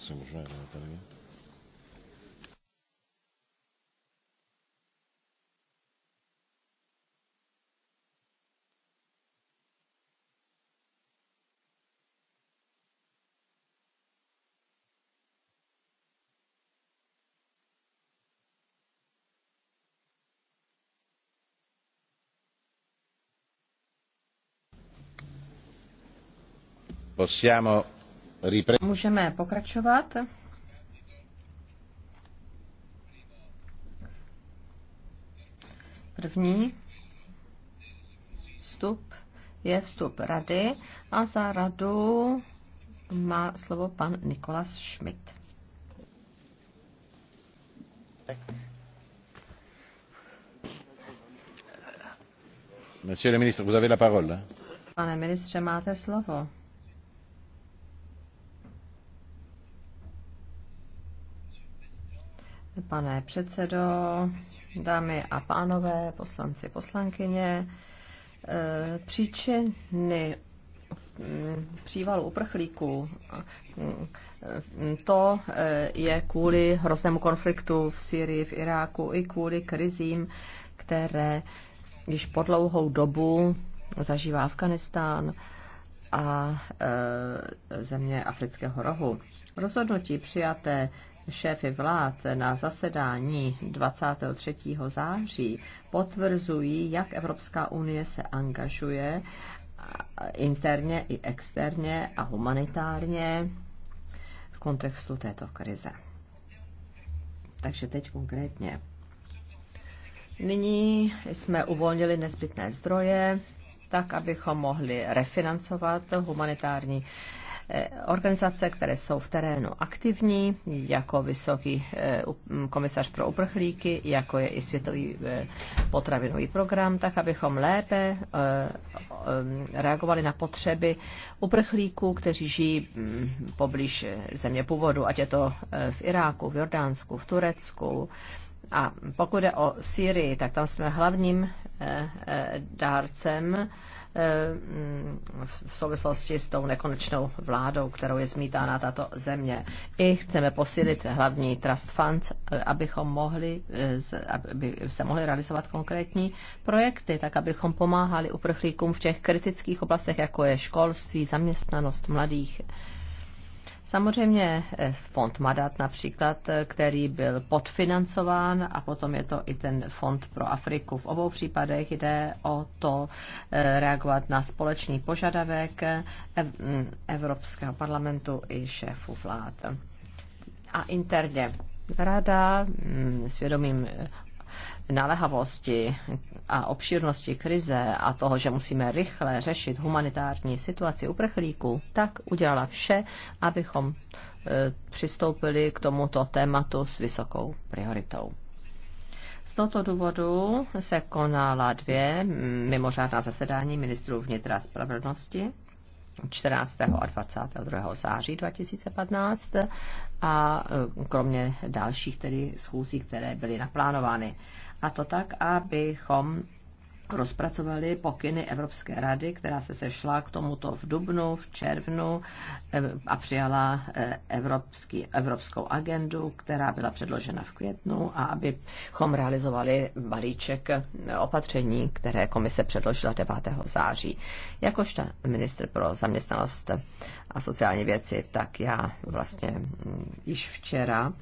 jestli možná je tady. possiamo Můžeme pokračovat. První vstup je vstup rady a za radu má slovo pan Nikolas Schmidt. Monsieur le ministre, vous avez la parole. Pane ministře, máte slovo. pane předsedo, dámy a pánové, poslanci, poslankyně. Eh, příčiny přívalu uprchlíků, eh, to eh, je kvůli hroznému konfliktu v Syrii, v Iráku i kvůli krizím, které již po dlouhou dobu zažívá Afganistán a země Afrického rohu. Rozhodnutí přijaté šéfy vlád na zasedání 23. září potvrzují, jak Evropská unie se angažuje interně i externě a humanitárně v kontextu této krize. Takže teď konkrétně. Nyní jsme uvolnili nezbytné zdroje, tak abychom mohli refinancovat humanitární Eh, organizace, které jsou v terénu aktivní, jako vysoký eh, mm, komisař pro uprchlíky, jako je i Světový eh, potravinový program, tak abychom lépe reagovali na potřeby uprchlíků, kteří žijí mm, poblíž země původu, ať je to v Iráku, v Jordánsku, v Turecku, a pokud je o Syrii, tak tam jsme hlavním dárcem Eh, mm, v souvislosti s tou nekonečnou vládou, kterou je zmítána tato země. I chceme posílit hlavní trust funds, eh, abychom mohli, eh, aby se mohli realizovat konkrétní projekty, tak abychom pomáhali uprchlíkům v těch kritických oblastech, jako je školství, zaměstnanost mladých Samozřejmě eh, fond Madat například, eh, který byl podfinancován a potom je to i ten fond pro Afriku. V obou případech jde o to eh, reagovat na společný požadavek Evropského parlamentu i šéfů vlád. A interně. Rada mm, svědomím naléhavosti a obširnosti krize a toho, že musíme rychle řešit humanitární situaci uprchlíků, tak udělala vše, abychom e, přistoupili k tomuto tématu s vysokou prioritou. Z tohoto důvodu se konala dvě mimořádná zasedání ministrů vnitra a spravedlnosti 14. a 22. září 2015 a e, kromě dalších tedy schůzí, které byly naplánovány. A to tak, abychom rozpracovali pokyny Evropské rady, která se sešla k tomuto v dubnu, v červnu eh, a přijala eh, evropský, evropskou agendu, která byla předložena v květnu a abychom realizovali balíček opatření, které komise předložila 9. září. ta ministr pro zaměstnanost a sociální věci, tak já vlastně mm, již včera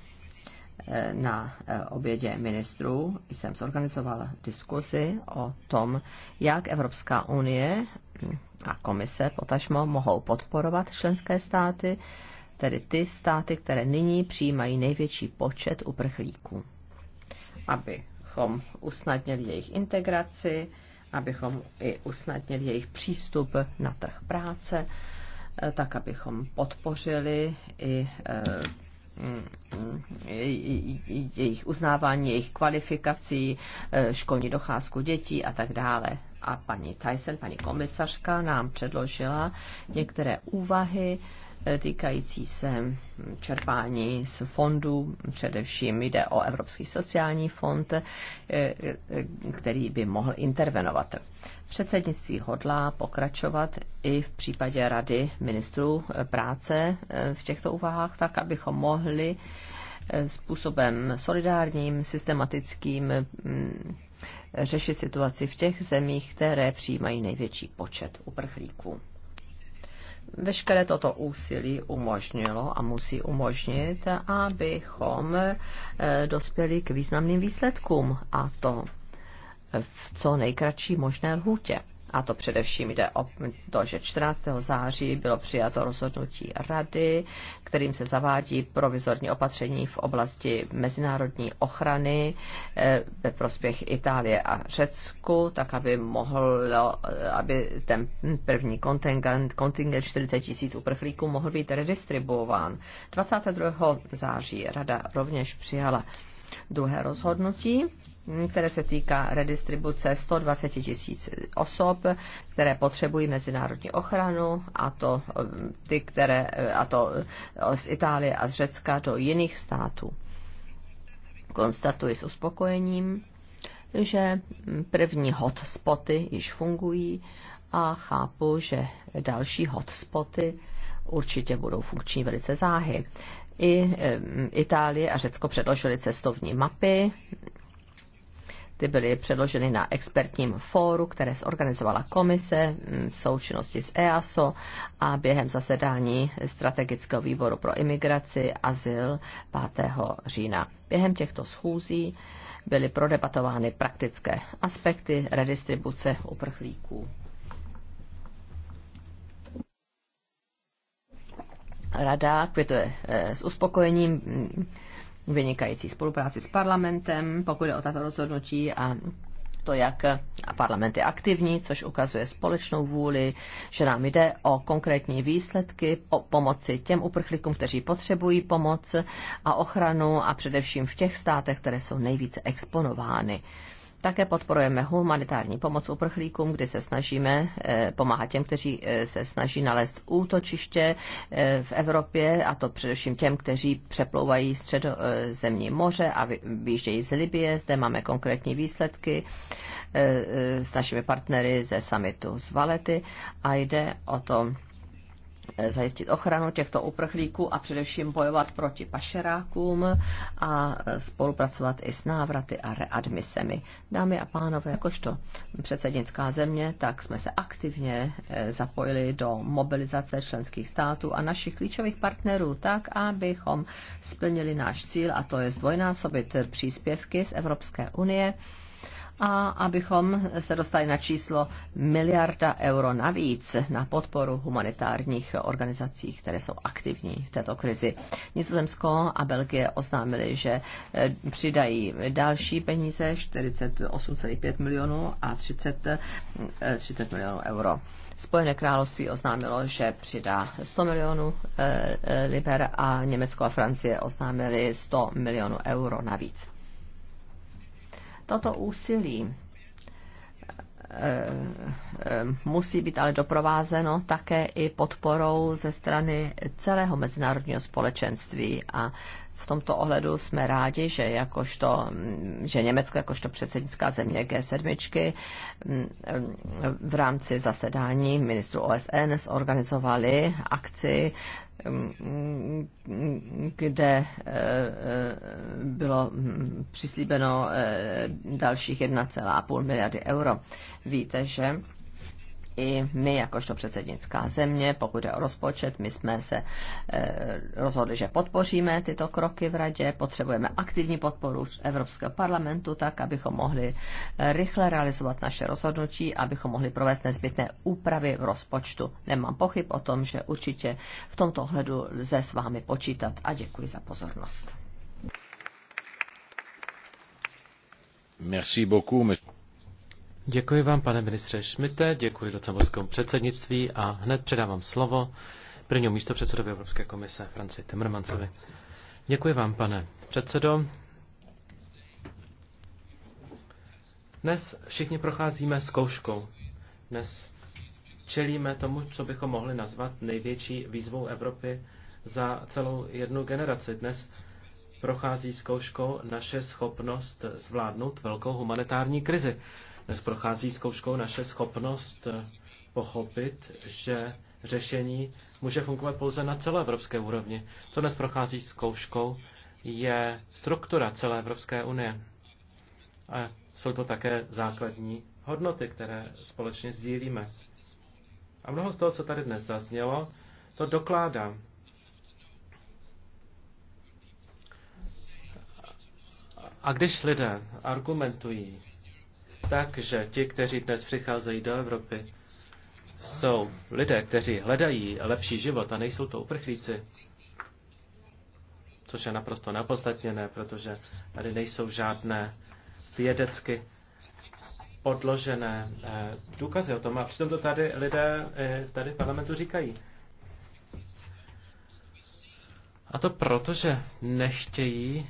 na eh, obědě ministrů jsem zorganizoval diskusi o tom, jak Evropská unie hm, a komise potažmo mohou podporovat členské státy, tedy ty státy, které nyní přijímají největší počet uprchlíků, abychom usnadnili jejich integraci, abychom i usnadnili jejich přístup na trh práce, eh, tak abychom podpořili i eh, Mm, mm, jejich uznávání, jejich kvalifikací, eh, školní docházku dětí a tak dále. A paní Tyson, paní komisařka, nám předložila některé úvahy, Eh, týkající se čerpání z fondů. Především jde o Evropský sociální fond, eh, eh, který by mohl intervenovat. Předsednictví hodlá pokračovat i v případě Rady ministrů práce v těchto úvahách, tak abychom mohli způsobem solidárním, systematickým mm, řešit situaci v těch zemích, které přijímají největší počet uprchlíků veškeré toto úsilí umožnilo a musí umožnit, abychom eh, dospěli k významným výsledkům a to v co nejkratší možné lhůtě a to především jde o to, že 14. září bylo přijato rozhodnutí Rady, kterým se zavádí provizorní opatření v oblasti mezinárodní ochrany eh, ve prospěch Itálie a Řecku, tak aby mohl, aby ten první kontingent, kontingent 40 tisíc uprchlíků mohl být redistribuován. 22. září Rada rovněž přijala druhé rozhodnutí které se týká redistribuce 120 tisíc osob, které potřebují mezinárodní ochranu, a to, eh, ty, které, eh, a to eh, z Itálie a z Řecka do jiných států. Konstatuji s uspokojením, že první hotspoty již fungují a chápu, že další hotspoty určitě budou funkční velice záhy. I Itálie a Řecko předložily cestovní mapy ty byly předloženy na expertním fóru, které zorganizovala komise mm, v součinnosti s EASO a během zasedání strategického výboru pro imigraci azyl 5. října. Během těchto schůzí byly prodebatovány praktické aspekty redistribuce uprchlíků. Rada kvituje eh, s uspokojením mm, vynikající spolupráci s parlamentem, pokud je o tato rozhodnutí a to, jak parlament je aktivní, což ukazuje společnou vůli, že nám jde o konkrétní výsledky o pomoci těm uprchlíkům, kteří potřebují pomoc a ochranu a především v těch státech, které jsou nejvíce exponovány. Také podporujeme humanitární pomoc uprchlíkům, kdy se snažíme eh, pomáhat těm, kteří eh, se snaží nalézt útočiště eh, v Evropě, a to především těm, kteří přeplouvají středozemní moře a výjíždějí z Libie. Zde máme konkrétní výsledky s našimi partnery ze samitu z Valety a jde o to, Eh, zajistit ochranu těchto uprchlíků a především bojovat proti pašerákům a eh, spolupracovat i s návraty a readmisemi. Dámy a pánové, jakožto předsednická země, tak jsme se aktivně eh, zapojili do mobilizace členských států a našich klíčových partnerů tak, abychom splnili náš cíl a to je zdvojnásobit příspěvky z Evropské unie a abychom se dostali na číslo miliarda euro navíc na podporu humanitárních organizací, které jsou aktivní v této krizi. Nizozemsko a Belgie oznámili, že eh, přidají další peníze 48,5 milionů a 30, 30 eh, milionů euro. Spojené království oznámilo, že přidá 100 milionů eh, liber a Německo a Francie oznámili 100 milionů euro navíc. Toto úsilí eh, eh, musí být ale doprovázeno také i podporou ze strany celého mezinárodního společenství a v tomto ohledu jsme rádi, že, jakožto, že Německo jakožto předsednická země G7 mm, v rámci zasedání ministrů OSN zorganizovali akci kde eh, eh, bylo hm, přislíbeno eh, dalších 1,5 miliardy euro. Víte, že i my, jakožto předsednická země, pokud je o rozpočet, my jsme se e, rozhodli, že podpoříme tyto kroky v radě, potřebujeme aktivní podporu Evropského parlamentu, tak abychom mohli e, rychle realizovat naše rozhodnutí, abychom mohli provést nezbytné úpravy v rozpočtu. Nemám pochyb o tom, že určitě v tomto ohledu lze s vámi počítat a děkuji za pozornost. Merci beaucoup. Děkuji vám, pane ministře Šmite, děkuji docemborskému předsednictví a hned předávám slovo prvního místo předsedovi Evropské komise Franci Timmermansovi. Děkuji vám, pane předsedo. Dnes všichni procházíme zkouškou. Dnes čelíme tomu, co bychom mohli nazvat největší výzvou Evropy za celou jednu generaci. Dnes prochází zkouškou naše schopnost zvládnout velkou humanitární krizi. Dnes prochází zkouškou naše schopnost eh, pochopit, že řešení může fungovat pouze na celé evropské úrovni. Co dnes prochází zkouškou, je struktura celé Evropské unie. A jsou to také základní hodnoty, které společně sdílíme. A mnoho z toho, co tady dnes zaznělo, to dokládá. A když lidé argumentují tak, že ti, kteří dnes přicházejí do Evropy, jsou lidé, kteří hledají lepší život a nejsou to uprchlíci, což je naprosto nepodstatněné, protože tady nejsou žádné vědecky podložené eh, důkazy o tom. A přitom to tady lidé eh, tady v parlamentu říkají. A to proto, že nechtějí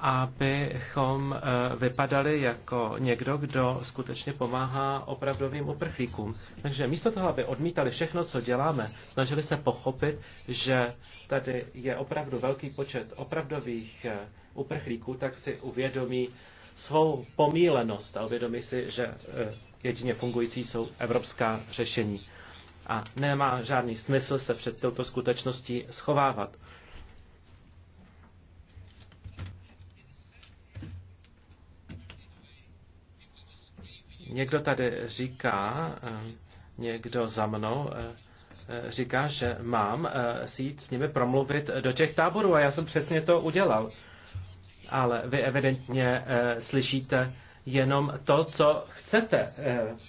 abychom eh, vypadali jako někdo, kdo skutečně pomáhá opravdovým uprchlíkům. Takže místo toho, aby odmítali všechno, co děláme, snažili se pochopit, že tady je opravdu velký počet opravdových eh, uprchlíků, tak si uvědomí svou pomílenost a uvědomí si, že eh, jedině fungující jsou evropská řešení. A nemá žádný smysl se před touto skutečností schovávat. Někdo tady říká, eh, někdo za mnou eh, říká, že mám eh, si jít s nimi promluvit do těch táborů a já jsem přesně to udělal. Ale vy evidentně slyšíte jenom to, co chcete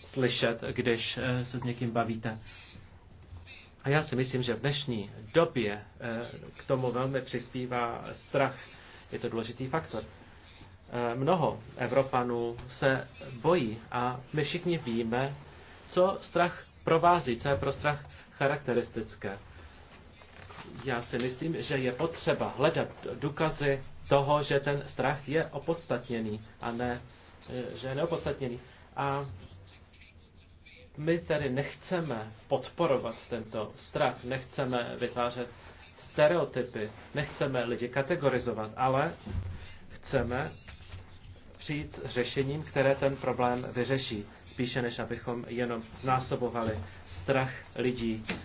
slyšet, když se s někým bavíte. A já si myslím, že v dnešní době k tomu velmi přispívá strach. Je to důležitý faktor. Eh, mnoho Evropanů se bojí a my všichni víme, co strach provází, co je pro strach charakteristické. Já si myslím, že je potřeba hledat důkazy toho, že ten strach je opodstatněný a ne, eh, že je neopodstatněný. A my tedy nechceme podporovat tento strach, nechceme vytvářet stereotypy, nechceme lidi kategorizovat, ale chceme přijít s řešením, které ten problém vyřeší, spíše než abychom jenom znásobovali strach lidí eh,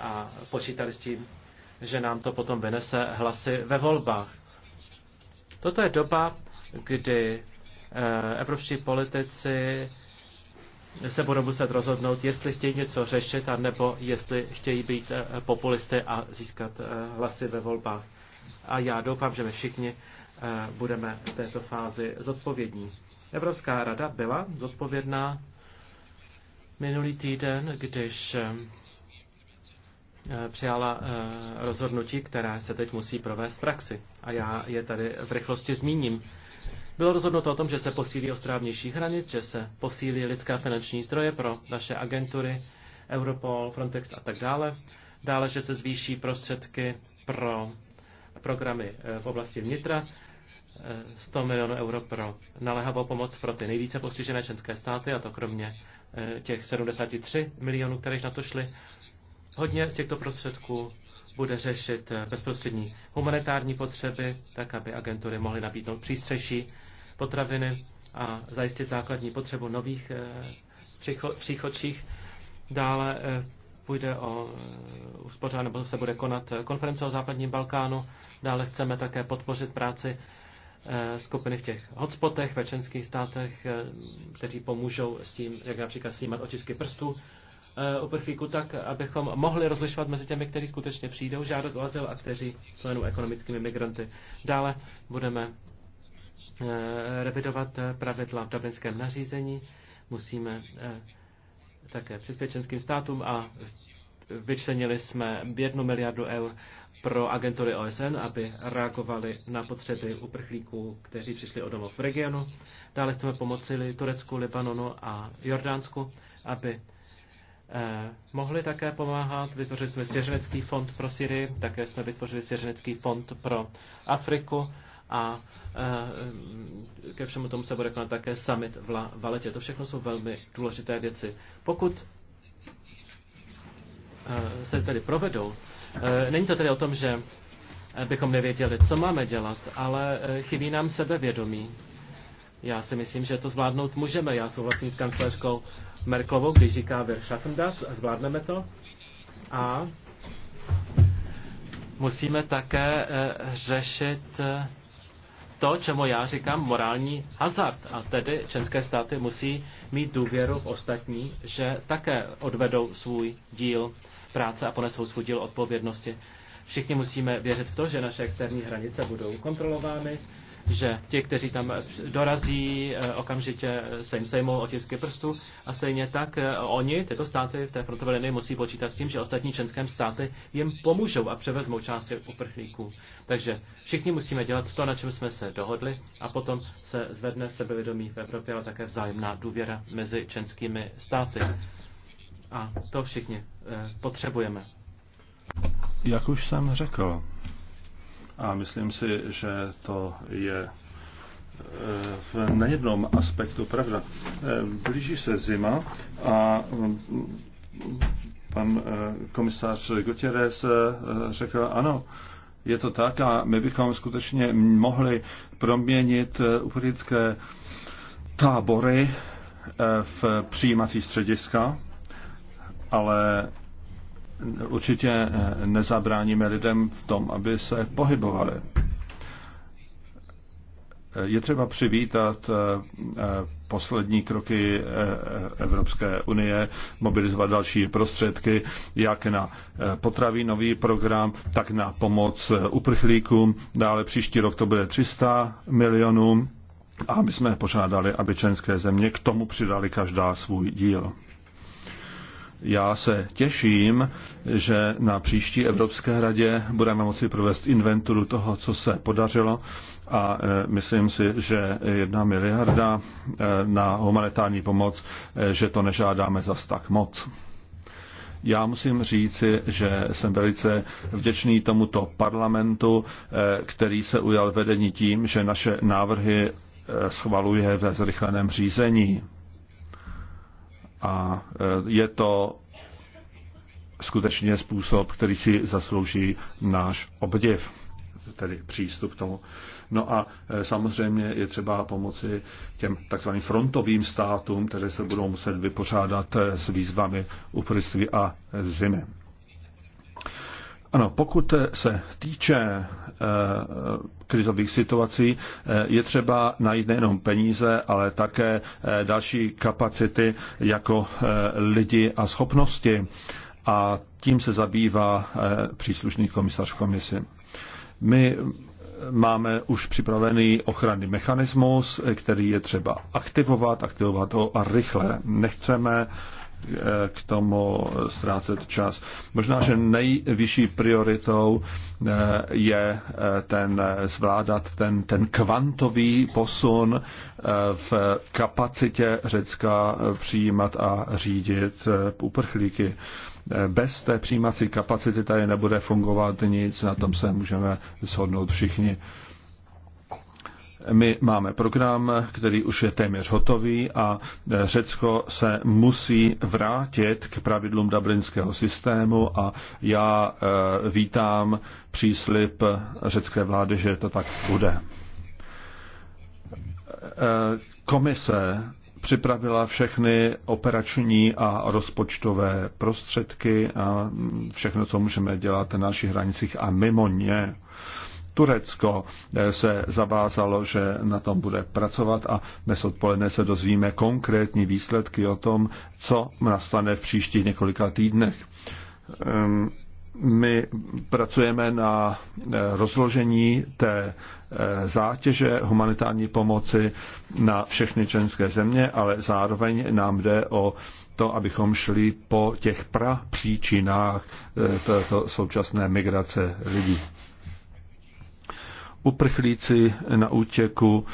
a počítali s tím, že nám to potom vynese hlasy ve volbách. Toto je doba, kdy eh, evropští politici se budou muset rozhodnout, jestli chtějí něco řešit, anebo jestli chtějí být eh, populisty a získat hlasy ve volbách. A já doufám, že my všichni Eh, budeme v této fázi zodpovědní. Evropská rada byla zodpovědná minulý týden, když eh, přijala eh, rozhodnutí, která se teď musí provést v praxi. A já je tady v rychlosti zmíním. Bylo rozhodnuto o tom, že se posílí ostrávnější hranic, že se posílí lidská finanční zdroje pro naše agentury, Europol, Frontex a tak dále. Dále, že se zvýší prostředky pro programy v oblasti vnitra 100 eh, milionů euro pro naléhavou pomoc pro ty nejvíce postižené členské státy, a to kromě eh, těch 73 milionů, které již na to šly. Hodně z těchto prostředků bude řešit eh, bezprostřední humanitární potřeby, tak aby agentury mohly nabídnout přístřeší potraviny a zajistit základní potřebu nových příchodčích. Dále půjde o uspořádání, nebo se bude konat konference o západním Balkánu. Dále chceme také podpořit práci Eh, skupiny v těch hotspotech ve členských státech, eh, kteří pomůžou s tím, jak například snímat otisky prstů eh, uprchlíků, tak abychom mohli rozlišovat mezi těmi, kteří skutečně přijdou žádat o azyl a kteří jsou jenom ekonomickými migranty. Dále budeme revidovat pravidla v dublinském nařízení, musíme také přispět členským státům a vyčlenili jsme jednu miliardu eur pro agentury OSN, aby reagovali na potřeby uprchlíků, kteří přišli o domov v regionu. Dále chceme pomoci Turecku, Libanonu a Jordánsku, aby eh, mohli také pomáhat. Vytvořili jsme svěřenecký fond pro Syrii, také jsme vytvořili svěřenecký fond pro Afriku a eh, ke všemu tomu se bude konat také summit v Valetě. To všechno jsou velmi důležité věci. Pokud Eh, se tedy provedou. Eh, není to tedy o tom, že bychom nevěděli, co máme dělat, ale eh, chybí nám sebevědomí. Já si myslím, že to zvládnout můžeme. Já souhlasím s kancelářkou Merklovou, když říká wir schaffen das, zvládneme to. A musíme také řešit to, čemu já říkám morální hazard. A tedy české státy musí mít důvěru v ostatní, že také odvedou svůj díl práce a ponesou svůj díl odpovědnosti. Všichni musíme věřit v to, že naše externí hranice budou kontrolovány, že ti, kteří tam dorazí, eh, okamžitě se jim sejmou otisky prstu a stejně tak eh, oni, tyto státy v té frontové linii musí počítat s tím, že ostatní členské státy jim pomůžou a převezmou část uprchlíků. Takže všichni musíme dělat to, na čem jsme se dohodli a potom se zvedne sebevědomí v Evropě, ale také vzájemná důvěra mezi členskými státy. A to všichni eh, potřebujeme. Jak už jsem řekl, a myslím si, že to je eh, v nejednom aspektu pravda. Eh, blíží se zima a mm, pan komisář Gutierrez řekl, ano, je to tak a my bychom skutečně mohli proměnit uprchlické tábory v přijímací střediska ale určitě eh, nezabráníme lidem v tom, aby se pohybovali. Eh, je třeba přivítat eh, poslední kroky Evropské unie, mobilizovat další prostředky, jak na nový program, tak na pomoc uprchlíkům. Dále příští rok to bude 300 milionů a my jsme požádali, aby členské země k tomu přidali každá svůj díl. Já se těším, že na příští Evropské radě budeme moci provést inventuru toho, co se podařilo a e, myslím si, že jedna miliarda e, na humanitární pomoc, e, že to nežádáme zas tak moc. Já musím říci, že jsem velice vděčný tomuto parlamentu, který se ujal vedení tím, že naše návrhy schvaluje ve zrychleném řízení. A je to skutečně způsob, který si zaslouží náš obdiv tedy přístup k tomu. No a e, samozřejmě je třeba pomoci těm takzvaným frontovým státům, které se budou muset vypořádat e, s výzvami uprství a zimy. Ano, pokud e, se týče e, krizových situací, e, je třeba najít nejenom peníze, ale také e, další kapacity jako e, lidi a schopnosti. E, a tím se zabývá eh, příslušný komisař v komisi. My máme už připravený ochranný mechanismus, eh, který je třeba aktivovat, aktivovat ho a rychle. Nechceme eh, k tomu ztrácet čas. Možná, že nejvyšší prioritou je ten zvládat ten, ten kvantový posun v kapacitě Řecka přijímat a řídit uprchlíky. Bez té přijímací kapacity tady nebude fungovat nic, na tom se můžeme shodnout všichni. My máme program, který už je téměř hotový a Řecko se musí vrátit k pravidlům dublinského systému a já eh, vítám příslip řecké vlády, že to tak bude. Eh, komise připravila všechny operační a rozpočtové prostředky a všechno, co můžeme dělat na našich hranicích a mimo ně. Turecko eh, se zavázalo, že na tom bude pracovat a dnes odpoledne se dozvíme konkrétní výsledky o tom, co nastane v příštích několika týdnech. Ehm, my pracujeme na eh, rozložení té eh, zátěže humanitární pomoci na všechny členské země, ale zároveň nám jde o to, abychom šli po těch prapříčinách eh, této současné migrace lidí. Uprchlíci na útěku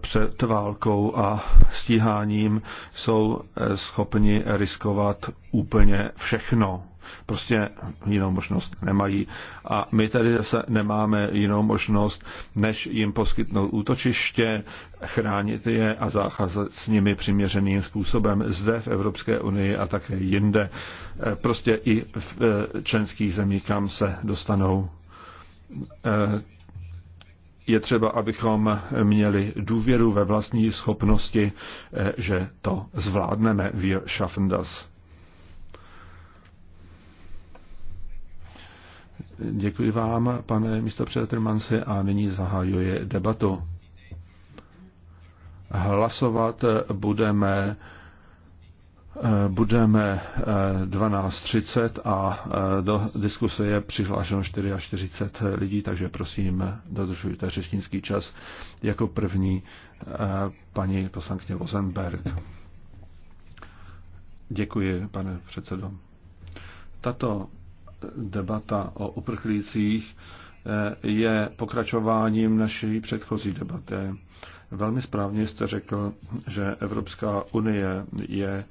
před válkou a stíháním jsou schopni riskovat úplně všechno prostě jinou možnost nemají. A my tady zase nemáme jinou možnost, než jim poskytnout útočiště, chránit je a zacházet s nimi přiměřeným způsobem zde v Evropské unii a také jinde. E, prostě i v e, členských zemích, kam se dostanou e, je třeba, abychom měli důvěru ve vlastní schopnosti, že to zvládneme, wir schaffen das. Děkuji vám, pane místopředsedo Mansi, a nyní zahajuje debatu. Hlasovat budeme budeme 12.30 eh, a eh, do diskuse je přihlášeno 44 lidí, takže prosím, dodržujte řečnický čas. Jako první eh, paní poslankyně Vozenberg. Děkuji, pane předsedo. Tato debata o uprchlících eh, je pokračováním naší předchozí debaty. Velmi správně jste řekl, že Evropská unie je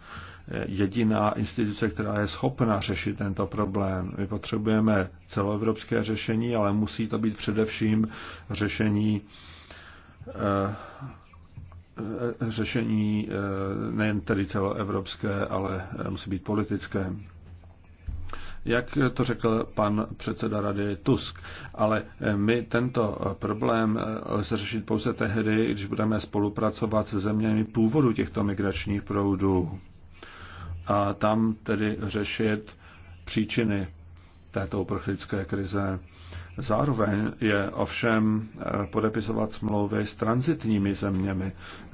eh, jediná instituce, která je schopna řešit tento problém. My potřebujeme celoevropské řešení, ale musí to být především řešení eh, řešení nejen tedy celoevropské, ale musí být politické jak to řekl pan předseda rady Tusk. Ale my tento problém lze řešit pouze tehdy, když budeme spolupracovat se zeměmi původu těchto migračních proudů a tam tedy řešit příčiny této uprchlické krize. Zároveň je ovšem eh, podepisovat smlouvy s transitními zeměmi.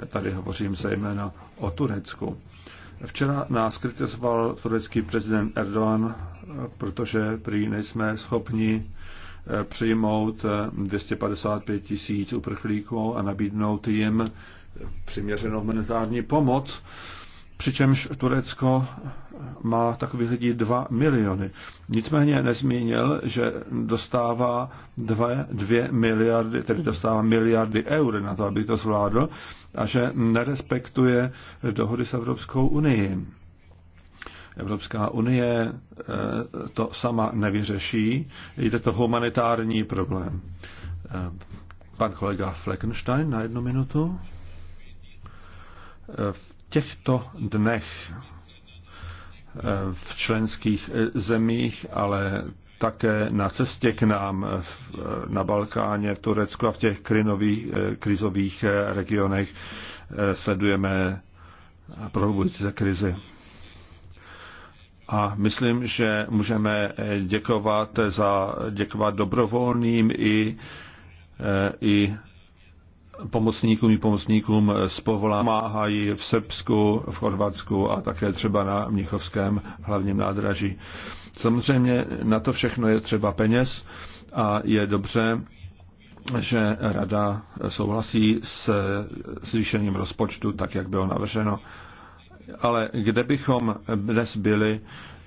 Tady hovořím zejména o Turecku. Včera nás kritizoval turecký prezident Erdogan, eh, protože prý nejsme schopni eh, přijmout 255 eh, tisíc uprchlíků a nabídnout jim přiměřenou humanitární pomoc, přičemž Turecko má takových lidí 2 miliony. Nicméně nezmínil, že dostává 2, 2 miliardy, tedy dostává miliardy eur na to, aby to zvládl, a že nerespektuje dohody s Evropskou unii. Evropská unie eh, to sama nevyřeší, jde to humanitární problém. Eh, pan kolega Fleckenstein na jednu minutu. Eh, v těchto dnech v členských zemích, ale také na cestě k nám na Balkáně, v Turecku a v těch krinových, eh, krizových eh, regionech eh, sledujeme prohlubující se krizi. A myslím, že můžeme děkovat za děkovat dobrovolným i, i pomocníkům i pomocníkům z povola pomáhají v Srbsku, v Chorvatsku a také třeba na Mnichovském hlavním nádraží. Samozřejmě na to všechno je třeba peněz a je dobře, že rada souhlasí s zvýšením rozpočtu, tak jak bylo navrženo. Ale kde bychom dnes byli,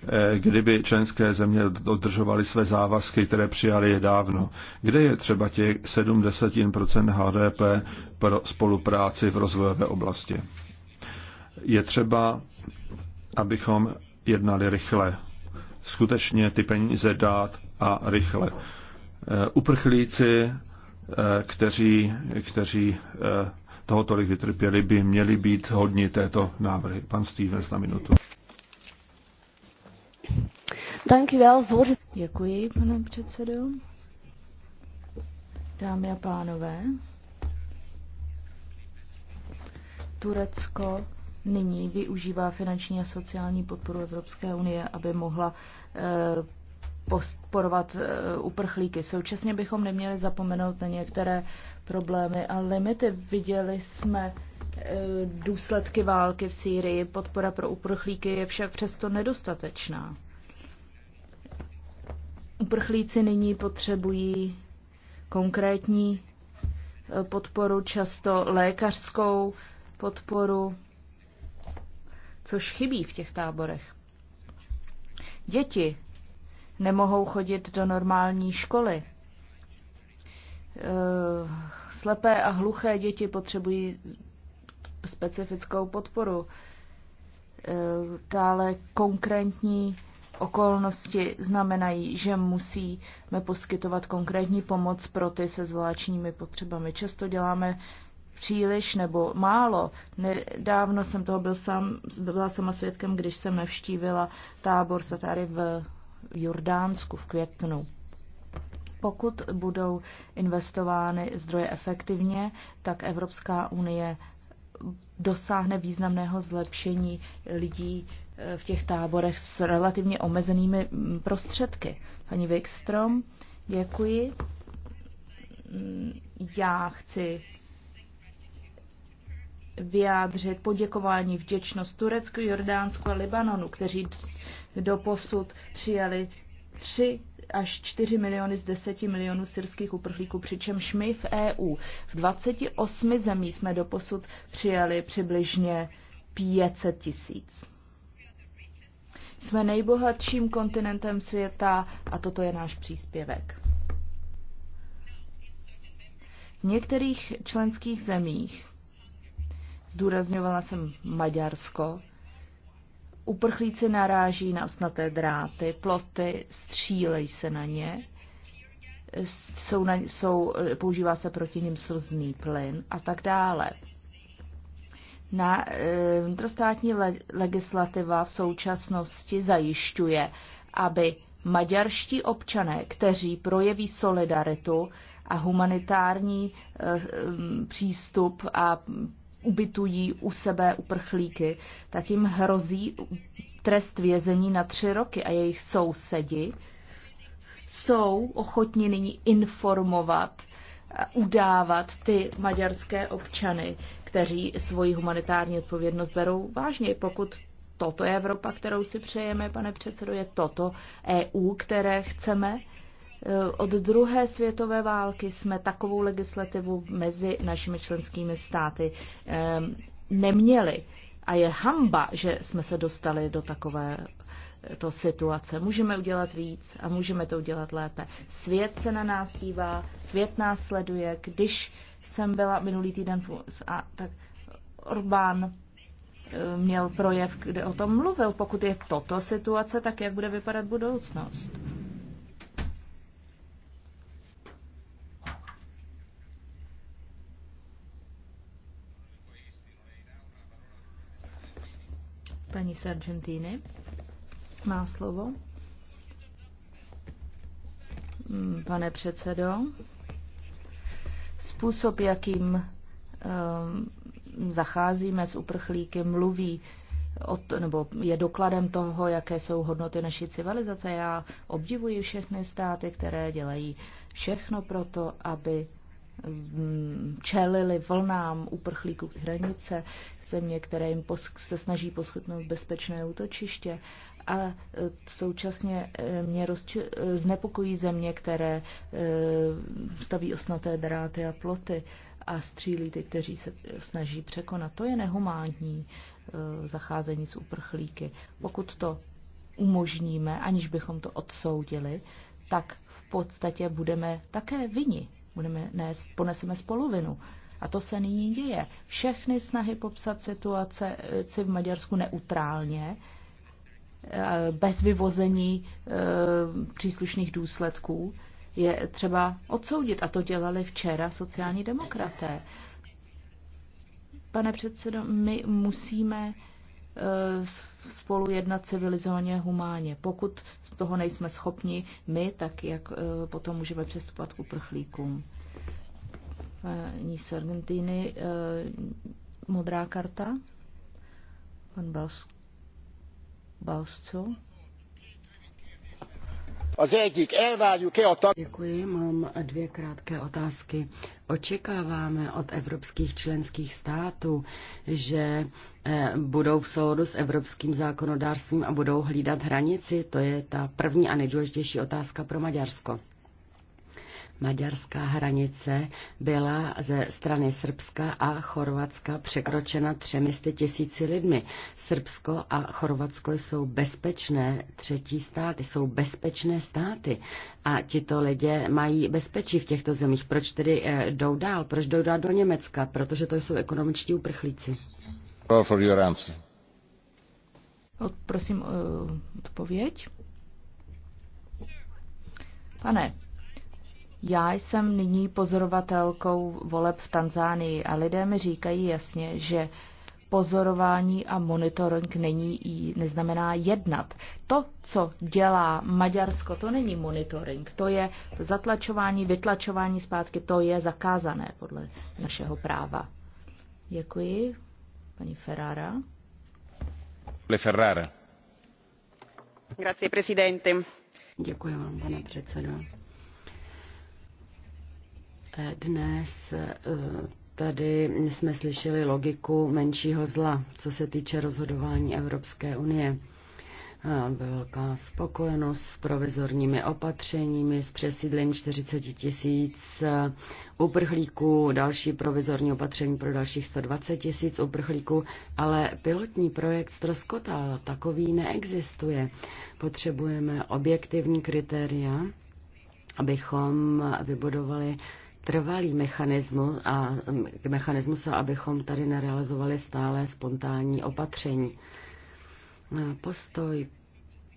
Eh, kdyby členské země dodržovaly své závazky, které přijali dávno. Kde je třeba těch procent HDP pro spolupráci v rozvojové oblasti? Je třeba, abychom jednali rychle. Skutečně ty peníze dát a rychle. Eh, uprchlíci, eh, kteří, kteří toho tolik vytrpěli, by měli být hodni této návrhy. Pan Stevens na minutu. Děkuji, pane předsedo. Dámy a pánové, Turecko nyní využívá finanční a sociální podporu Evropské unie, aby mohla eh, podporovat eh, uprchlíky. Současně bychom neměli zapomenout na některé problémy a limity. Viděli jsme Eh, důsledky války v Sýrii. Podpora pro uprchlíky je však přesto nedostatečná. Uprchlíci nyní potřebují konkrétní eh, podporu, často lékařskou podporu, což chybí v těch táborech. Děti nemohou chodit do normální školy. Eh, slepé a hluché děti potřebují specifickou podporu. E, dále konkrétní okolnosti znamenají, že musíme poskytovat konkrétní pomoc pro ty se zvláštními potřebami. Často děláme příliš nebo málo. Nedávno jsem toho byl sám, byla sama svědkem, když jsem navštívila tábor Satáry v Jordánsku v květnu. Pokud budou investovány zdroje efektivně, tak Evropská unie dosáhne významného zlepšení lidí eh, v těch táborech s relativně omezenými mm, prostředky. Paní Wikstrom, děkuji. Mm, já chci vyjádřit poděkování vděčnost Turecku, Jordánsku a Libanonu, kteří do posud přijali tři až 4 miliony z 10 milionů syrských uprchlíků, přičemž my v EU v 28 zemí jsme doposud přijali přibližně 500 tisíc. Jsme nejbohatším kontinentem světa a toto je náš příspěvek. V některých členských zemích, zdůrazňovala jsem Maďarsko, Uprchlíci naráží na osnaté dráty, ploty, střílejí se na ně, jsou na, jsou, používá se proti nim slzný plyn a tak dále. Na e, vnitrostátní le, legislativa v současnosti zajišťuje, aby maďarští občané, kteří projeví solidaritu a humanitární e, přístup a ubytují u sebe uprchlíky, tak jim hrozí trest vězení na tři roky a jejich sousedi jsou ochotni nyní informovat, udávat ty maďarské občany, kteří svoji humanitární odpovědnost berou vážně. Pokud toto je Evropa, kterou si přejeme, pane předsedo, je toto EU, které chceme, Eh, od druhé světové války jsme takovou legislativu mezi našimi členskými státy eh, neměli. A je hamba, že jsme se dostali do takové eh, to situace. Můžeme udělat víc a můžeme to udělat lépe. Svět se na nás dívá, svět nás sleduje. Když jsem byla minulý týden v USA, tak Orbán měl projev, kde o tom mluvil. Pokud je toto situace, tak jak bude vypadat budoucnost? paní z Argentíny má slovo. Mm, pane předsedo, způsob, jakým um, zacházíme s uprchlíky, mluví od, nebo je dokladem toho, jaké jsou hodnoty naší civilizace. Já obdivuji všechny státy, které dělají všechno pro to, aby Mm, čelili vlnám uprchlíků k hranice, země, které jim se snaží poskytnout bezpečné útočiště. A e, současně e, mě e, znepokojí země, které staví osnaté dráty a ploty a střílí ty, kteří se snaží překonat. To je nehumánní zacházení s uprchlíky. Pokud to umožníme, aniž bychom to odsoudili, tak v podstatě budeme také vyni budeme nést, poneseme spoluvinu. A to se nyní děje. Všechny snahy popsat situace eh, v Maďarsku neutrálně, eh, bez vyvození eh, příslušných důsledků, je třeba odsoudit. A to dělali včera sociální demokraté. Pane předsedo, my musíme spolu jednat civilizovaně humánně. Pokud z toho nejsme schopni my, tak jak e, potom můžeme přestupat k uprchlíkům. Paní Sargentini, Argentiny, e, modrá karta. Pan Balsco. Děkuji, mám dvě krátké otázky. Očekáváme od evropských členských států, že eh, budou v souladu s evropským zákonodárstvím a budou hlídat hranici? To je ta první a nejdůležitější otázka pro Maďarsko maďarská hranice byla ze strany Srbska a Chorvatska překročena 300 tisíci lidmi. Srbsko a Chorvatsko jsou bezpečné třetí státy, jsou bezpečné státy a tito lidé mají bezpečí v těchto zemích. Proč tedy eh, jdou dál? Proč jdou dál do Německa? Protože to jsou ekonomičtí uprchlíci. For your Prosím eh, odpověď. Pane, já jsem nyní pozorovatelkou voleb v Tanzánii a lidé mi říkají jasně, že pozorování a monitoring není, neznamená jednat. To, co dělá Maďarsko, to není monitoring, to je zatlačování, vytlačování zpátky, to je zakázané podle našeho práva. Děkuji. Paní Ferrara. Le Ferrara. Grazie, presidente. Děkuji vám, pane předsedo. Dnes eh, tady jsme slyšeli logiku menšího zla, co se týče rozhodování Evropské unie. Eh, velká spokojenost s provizorními opatřeními, s přesídlením 40 tisíc eh, uprchlíků, další provizorní opatření pro dalších 120 tisíc uprchlíků, ale pilotní projekt ztroskotal, takový neexistuje. Potřebujeme objektivní kritéria, abychom vybudovali trvalý mechanismus a mechanismus, abychom tady nerealizovali stále spontánní opatření. Postoj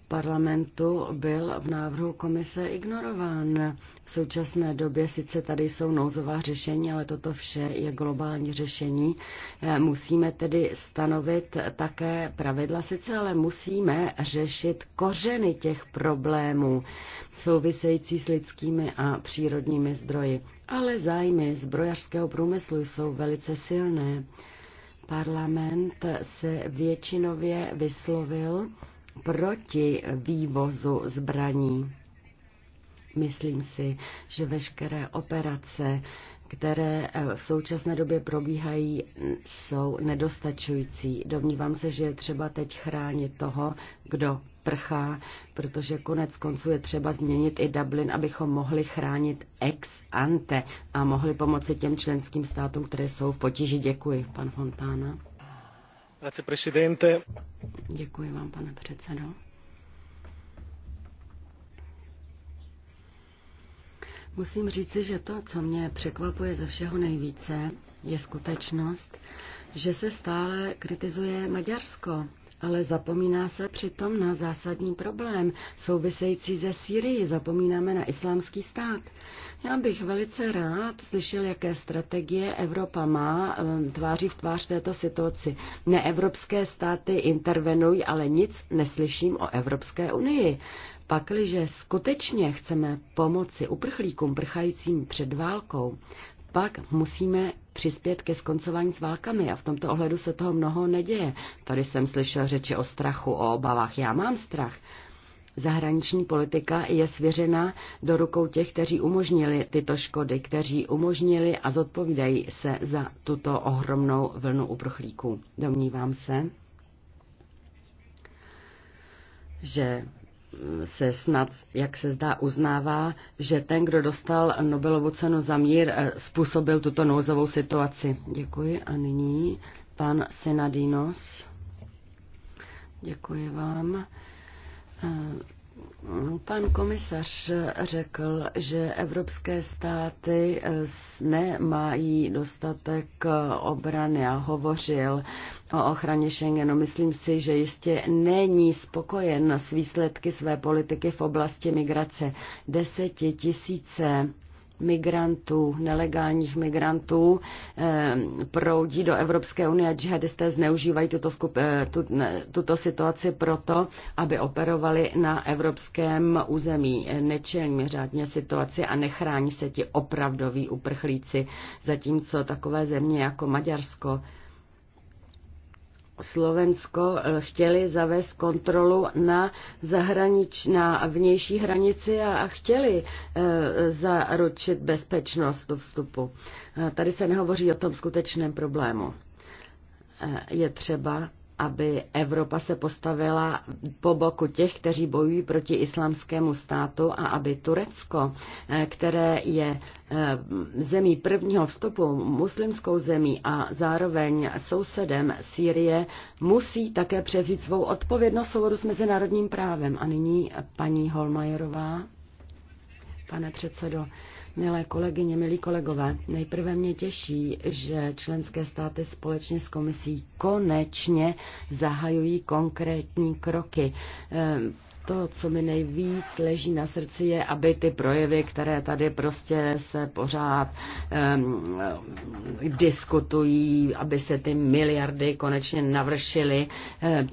parlamentu byl v návrhu komise ignorován. V současné době sice tady jsou nouzová řešení, ale toto vše je globální řešení. Eh, musíme tedy stanovit také pravidla, sice ale musíme řešit kořeny těch problémů související s lidskými a přírodními zdroji. Ale zájmy zbrojařského průmyslu jsou velice silné. Parlament se většinově vyslovil proti vývozu zbraní. Myslím si, že veškeré operace, které eh, v současné době probíhají, jsou nedostačující. Domnívám se, že je třeba teď chránit toho, kdo prchá, protože konec konců je třeba změnit i Dublin, abychom mohli chránit ex ante a mohli pomoci těm členským státům, které jsou v potíži. Děkuji, pan Fontána. Děkuji vám, pane předsedo. Musím říci, že to, co mě překvapuje ze všeho nejvíce, je skutečnost, že se stále kritizuje Maďarsko ale zapomíná se přitom na zásadní problém související ze Sýrii. Zapomínáme na islámský stát. Já bych velice rád slyšel, jaké strategie Evropa má ehm, tváří v tvář této situaci. Neevropské státy intervenují, ale nic neslyším o Evropské unii. Pakliže skutečně chceme pomoci uprchlíkům prchajícím před válkou, pak musíme přispět ke skoncování s válkami a v tomto ohledu se toho mnoho neděje. Tady jsem slyšel řeči o strachu, o obavách. Já mám strach. Zahraniční politika je svěřena do rukou těch, kteří umožnili tyto škody, kteří umožnili a zodpovídají se za tuto ohromnou vlnu uprchlíků. Domnívám se, že se snad, jak se zdá, uznává, že ten, kdo dostal Nobelovu cenu za mír, eh, způsobil tuto nouzovou situaci. Děkuji. A nyní pan Senadinos. Děkuji vám. Eh, Pan komisař řekl, že evropské státy eh, nemají dostatek eh, obrany a hovořil o ochraně Schengenu. Myslím si, že jistě není spokojen s výsledky své politiky v oblasti migrace. Desetitisíce tisíce migrantů, nelegálních migrantů eh, proudí do Evropské unie a džihadisté zneužívají tuto, skup, eh, tu, tuto situaci proto, aby operovali na evropském území. Nečelní řádně situaci a nechrání se ti opravdoví uprchlíci, zatímco takové země jako Maďarsko, Slovensko eh, chtěli zavést kontrolu na zahranič, na vnější hranici a, a chtěli e, zaručit bezpečnost vstupu. E, tady se nehovoří o tom skutečném problému. E, je třeba aby Evropa se postavila po boku těch, kteří bojují proti islámskému státu a aby Turecko, eh, které je eh, zemí prvního vstupu, muslimskou zemí a zároveň sousedem Sýrie, musí také převzít svou odpovědnost souhodu s mezinárodním právem. A nyní paní Holmajerová. Pane předsedo, Milé kolegyně, milí kolegové, nejprve mě těší, že členské státy společně s komisí konečně zahajují konkrétní kroky to, co mi nejvíc leží na srdci, je, aby ty projevy, které tady prostě se pořád um, diskutují, aby se ty miliardy konečně navršily,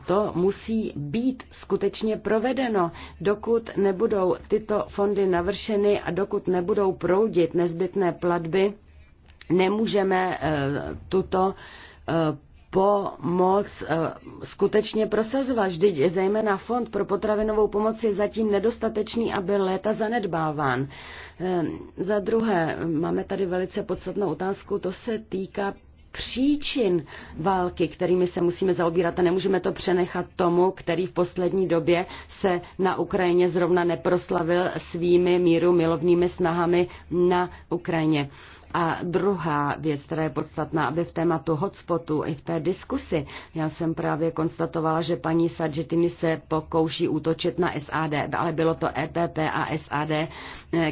to musí být skutečně provedeno. Dokud nebudou tyto fondy navršeny a dokud nebudou proudit nezbytné platby, nemůžeme eh, tuto eh, pomoc eh, skutečně prosazovat. Vždyť zejména Fond pro potravinovou pomoc je zatím nedostatečný aby léta zanedbáván. Eh, za druhé, máme tady velice podstatnou otázku, to se týká příčin války, kterými se musíme zaobírat a nemůžeme to přenechat tomu, který v poslední době se na Ukrajině zrovna neproslavil svými míru milovnými snahami na Ukrajině. A druhá věc, která je podstatná, aby v tématu hotspotu i v té diskusi, já jsem právě konstatovala, že paní Sargentini se pokouší útočit na SAD, ale bylo to EPP a SAD, eh,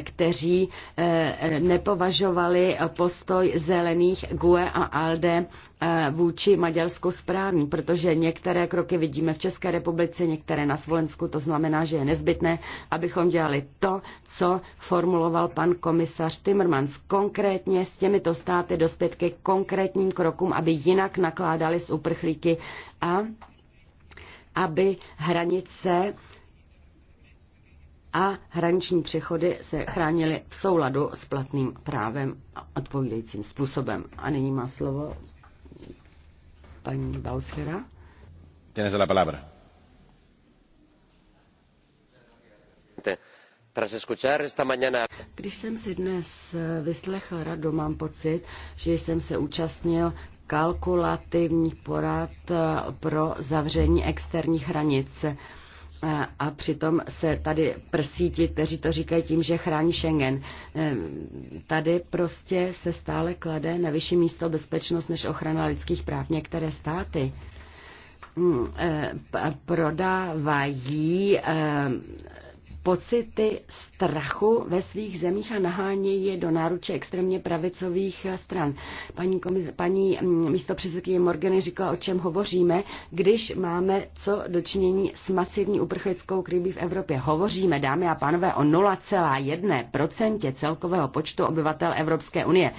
kteří eh, nepovažovali postoj zelených GUE a ALDE Eh, vůči Maďarsku správný, protože některé kroky vidíme v České republice, některé na Slovensku, to znamená, že je nezbytné, abychom dělali to, co formuloval pan komisař Timmermans. Konkrétně s těmito státy dospět ke konkrétním krokům, aby jinak nakládali s uprchlíky a aby hranice a hraniční přechody se chránily v souladu s platným právem a odpovídajícím způsobem. A nyní má slovo paní Tienes la palabra. Když jsem si dnes vyslechl radu, mám pocit, že jsem se účastnil kalkulativních porad eh, pro zavření externích hranic a přitom se tady prsí ti, kteří to říkají tím, že chrání Schengen. E, tady prostě se stále klade na vyšší místo bezpečnost než ochrana lidských práv některé státy mm, e, prodávají e, pocity strachu ve svých zemích a nahánějí je do náruče extrémně pravicových eh, stran. Paní, komis, paní mm, místo předsedkyně Morgany říkala, o čem hovoříme, když máme co dočinění s masivní uprchlickou krybí v Evropě. Hovoříme, dámy a pánové, o 0,1% celkového počtu obyvatel Evropské unie.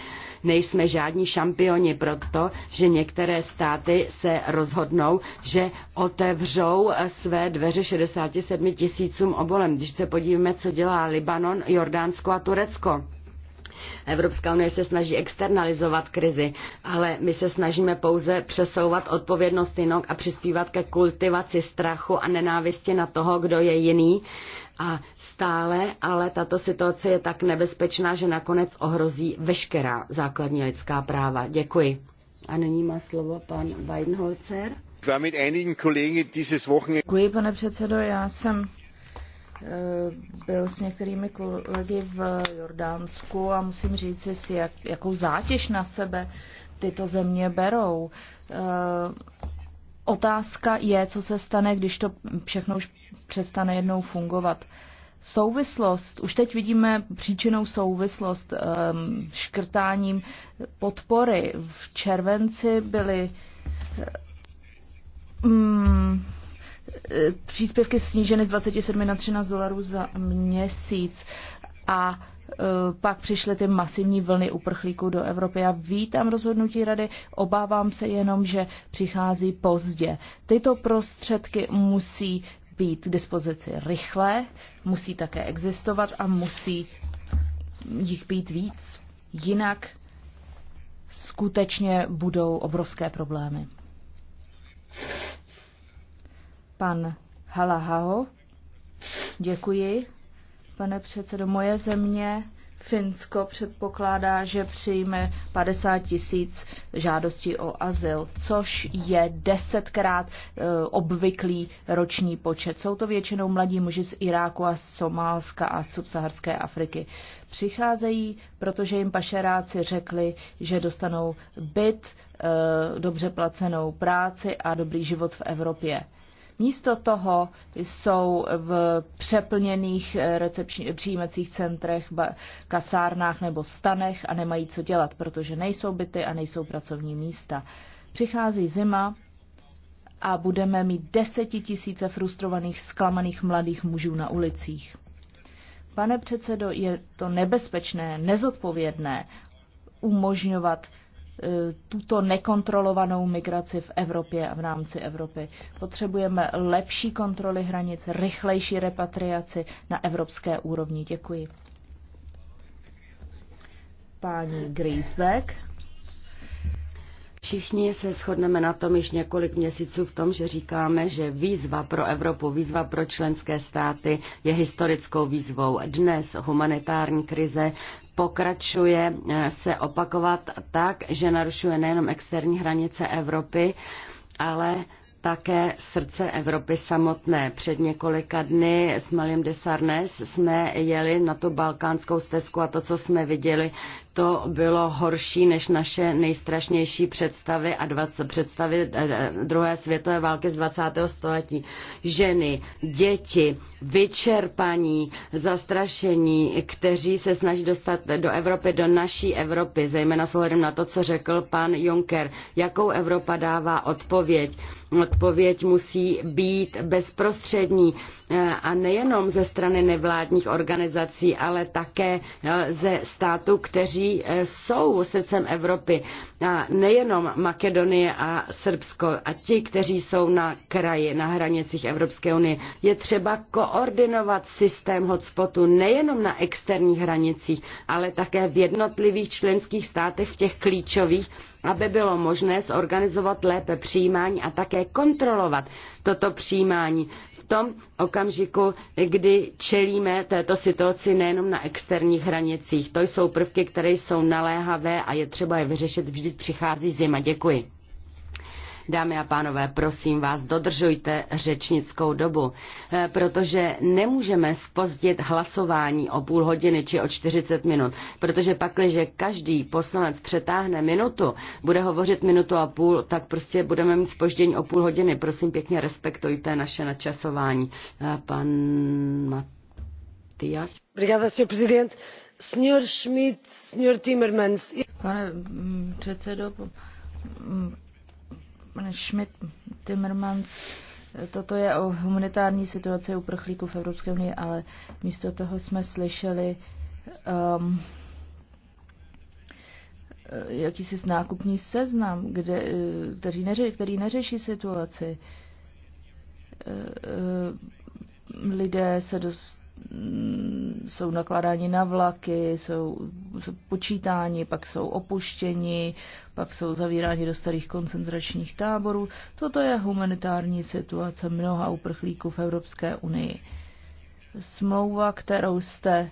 Nejsme žádní šampioni proto, že některé státy se rozhodnou, že otevřou eh, své dveře 67 tisícům obolem. Když se podívejme, co dělá Libanon, Jordánsko a Turecko. Evropská unie se snaží externalizovat krizi, ale my se snažíme pouze přesouvat odpovědnost jinok a přispívat ke kultivaci strachu a nenávisti na toho, kdo je jiný. A stále ale tato situace je tak nebezpečná, že nakonec ohrozí veškerá základní lidská práva. Děkuji. A nyní má slovo pan Weidenholzer. Děkuji, pane předsedo. Já jsem Eh, byl s některými kolegy v Jordánsku a musím říct si, jak, jakou zátěž na sebe tyto země berou. Eh, otázka je, co se stane, když to všechno už přestane jednou fungovat. Souvislost, už teď vidíme příčinou souvislost ehm, škrtáním podpory. V červenci byly eh, mm, E, příspěvky sníženy z 27 na 13 dolarů za měsíc a e, pak přišly ty masivní vlny uprchlíků do Evropy. Já vítám rozhodnutí rady, obávám se jenom, že přichází pozdě. Tyto prostředky musí být k dispozici rychle, musí také existovat a musí jich být víc. Jinak skutečně budou obrovské problémy. Pan Halahaho. Děkuji, pane předsedo. Moje země, Finsko, předpokládá, že přijme 50 tisíc žádostí o azyl, což je desetkrát eh, obvyklý roční počet. Jsou to většinou mladí muži z Iráku a Somálska a subsaharské Afriky. Přicházejí, protože jim pašeráci řekli, že dostanou byt, eh, dobře placenou práci a dobrý život v Evropě Místo toho jsou v přeplněných eh, recepční, přijímacích centrech, kasárnách nebo stanech a nemají co dělat, protože nejsou byty a nejsou pracovní místa. Přichází zima a budeme mít desetitisíce frustrovaných, zklamaných mladých mužů na ulicích. Pane předsedo, je to nebezpečné, nezodpovědné umožňovat E, tuto nekontrolovanou migraci v Evropě a v rámci Evropy. Potřebujeme lepší kontroly hranic, rychlejší repatriaci na evropské úrovni. Děkuji. Pání Griesbeck. Všichni se shodneme na tom již několik měsíců v tom, že říkáme, že výzva pro Evropu, výzva pro členské státy je historickou výzvou. Dnes humanitární krize pokračuje eh, se opakovat tak, že narušuje nejenom externí hranice Evropy, ale také srdce Evropy samotné. Před několika dny s malým Desarnes jsme jeli na tu balkánskou stezku a to, co jsme viděli, to bylo horší než naše nejstrašnější představy a 20, představy eh, eh, druhé světové války z 20. století. Ženy, děti, vyčerpaní, zastrašení, kteří se snaží dostat do Evropy, do naší Evropy, zejména s ohledem na to, co řekl pan Juncker. Jakou Evropa dává odpověď? Odpověď musí být bezprostřední eh, a nejenom ze strany nevládních organizací, ale také ze států, kteří Eh, jsou srdcem Evropy, a nejenom Makedonie a Srbsko, a ti, kteří jsou na kraji, na hranicích Evropské unie. Je třeba koordinovat systém hotspotu nejenom na externích hranicích, ale také v jednotlivých členských státech, v těch klíčových, aby bylo možné zorganizovat lépe přijímání a také kontrolovat toto přijímání tom okamžiku, kdy čelíme této situaci nejenom na externích hranicích. To jsou prvky, které jsou naléhavé a je třeba je vyřešit. Vždyť přichází zima. Děkuji. Dámy a pánové, prosím vás, dodržujte řečnickou dobu, eh, protože nemůžeme spozdit hlasování o půl hodiny či o 40 minut, protože pakliže každý poslanec přetáhne minutu, bude hovořit minutu a půl, tak prostě budeme mít spoždění o půl hodiny. Prosím pěkně, respektujte naše načasování. Eh, pan Matias. Obrigada, senhor presidente. Senhor Schmidt, senhor Timmermans. Pane mm, předsedo, Pane Schmidt, Timmermans, toto je o humanitární situaci uprchlíků v Evropské unii, ale místo toho jsme slyšeli um, jakýsi nákupní seznam, kde, který, neře, který neřeší situaci. Eh, eh, lidé se dost Mm, jsou nakládáni na vlaky, jsou, jsou počítáni, pak jsou opuštěni, pak jsou zavíráni do starých koncentračních táborů. Toto je humanitární situace mnoha uprchlíků v Evropské unii. Smlouva, kterou jste